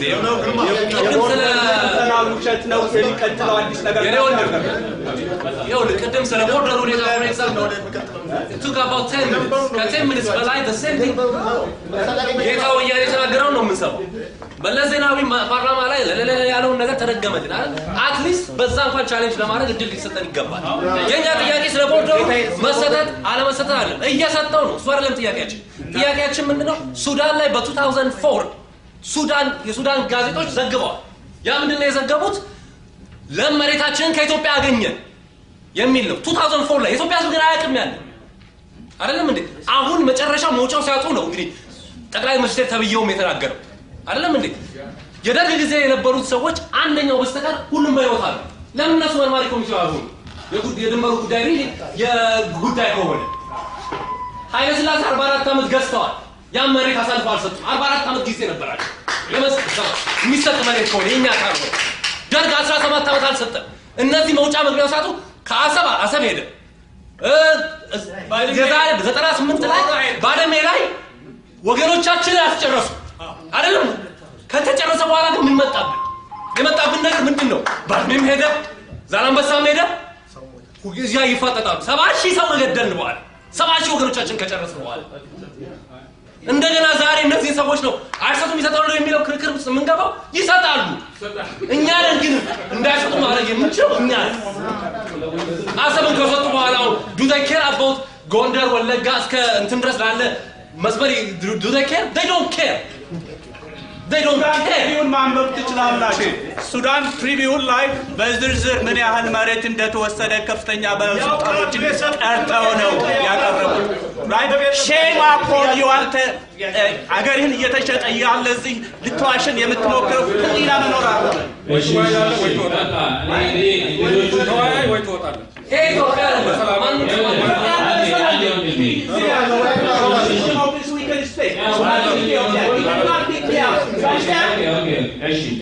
ጊዜ ነው። ውሸት ነው የሚቀጥለው ቅድም ስለ ቦርደር ሁኔታ በላይ ጌታው እያለ የተናገረውን ነው የምንሰማው። መለስ ዜናዊ ፓርላማ ላይ ያለውን ነገር ተደገመልን አይደል? አትሊስት በዛ እንኳን ቻሌንጅ ለማድረግ እድል ሊሰጠን ይገባል። የእኛ ጥያቄ ስለ ቦርደሩ መሰጠት አለመሰጠት አለ እየሰጠው ነው። እሱ አይደለም ጥያቄያችን። ጥያቄያችን ምንድነው? ሱዳን ላይ በ2004 ሱዳን የሱዳን ጋዜጦች ዘግበዋል። ያ ምንድን ነው የዘገቡት? ለም መሬታችንን ከኢትዮጵያ አገኘን የሚል ነው። 2004 ላይ የኢትዮጵያ ህዝብ ግን አያቅም ያለ አይደለም እንዴ? አሁን መጨረሻ መውጫው ሲያጡ ነው እንግዲህ ጠቅላይ ሚኒስትር ተብየውም የተናገረው አይደለም እንዴ? የደርግ ጊዜ የነበሩት ሰዎች አንደኛው በስተቀር ሁሉም በሕይወት ለምነሱ መርማሪ ኮሚሽን አሁን የድንበሩ ጉዳይ የጉዳይ ከሆነ ኃይለ ስላሴ 44 ዓመት ገዝተዋል። ያን መሬት አሳልፎ አልሰጡም። አርባ አራት ዓመት ጊዜ ነበራቸው ለመስጠት የሚሰጥ መሬት ከሆነ የኛ ካልሆነ ደርግ አስራ ሰባት ዓመት አልሰጠም። እነዚህ መውጫ መግቢያ ሳጡ። ከአሰብ አሰብ ሄደ። ዘጠና ስምንት ላይ ባድመ ላይ ወገኖቻችን አስጨረሱ አይደለም። ከተጨረሰ በኋላ ግን ምን መጣብን? የመጣብን ነገር ምንድን ነው? ባድሜም ሄደ፣ ዛላምበሳም ሄደ። እዚያ ይፋጠጣሉ። ሰባ ሺህ ሰው ገደልን በኋላ ሰባ ሺህ ወገኖቻችን ከጨረስን በኋላ እንደገና ዛሬ እነዚህ ሰዎች ነው አይሰጡም ይሰጣሉ የሚለው ክርክር ውስጥ የምንገባው። ይሰጣሉ። እኛ ነን ግን እንዳይሰጡ ማድረግ የምንችለው እኛ አሰብን ከሰጡ በኋላ ዱዘ ኬር አባውት ጎንደር፣ ወለጋ እስከ እንትን ድረስ ላለ መስመር ዱዘ ኬር ዶንት ኬር ሱዳን ትሪቢዩን ማንበብ ትችላላችሁ። ሱዳን ትሪቢዩን ላይ በዝርዝር ምን ያህል መሬት እንደተወሰደ ከፍተኛ ባለስልጣኖችን ጠርተው ነው ያቀረቡት። አንተ አገርህን እየተሸጠ ያለ እዚህ ልትዋሽን የምትሞክረው ህሊና መኖር አለ ወይ ትወጣለህ ወይ ትወጣለህ ኦኬ እሺ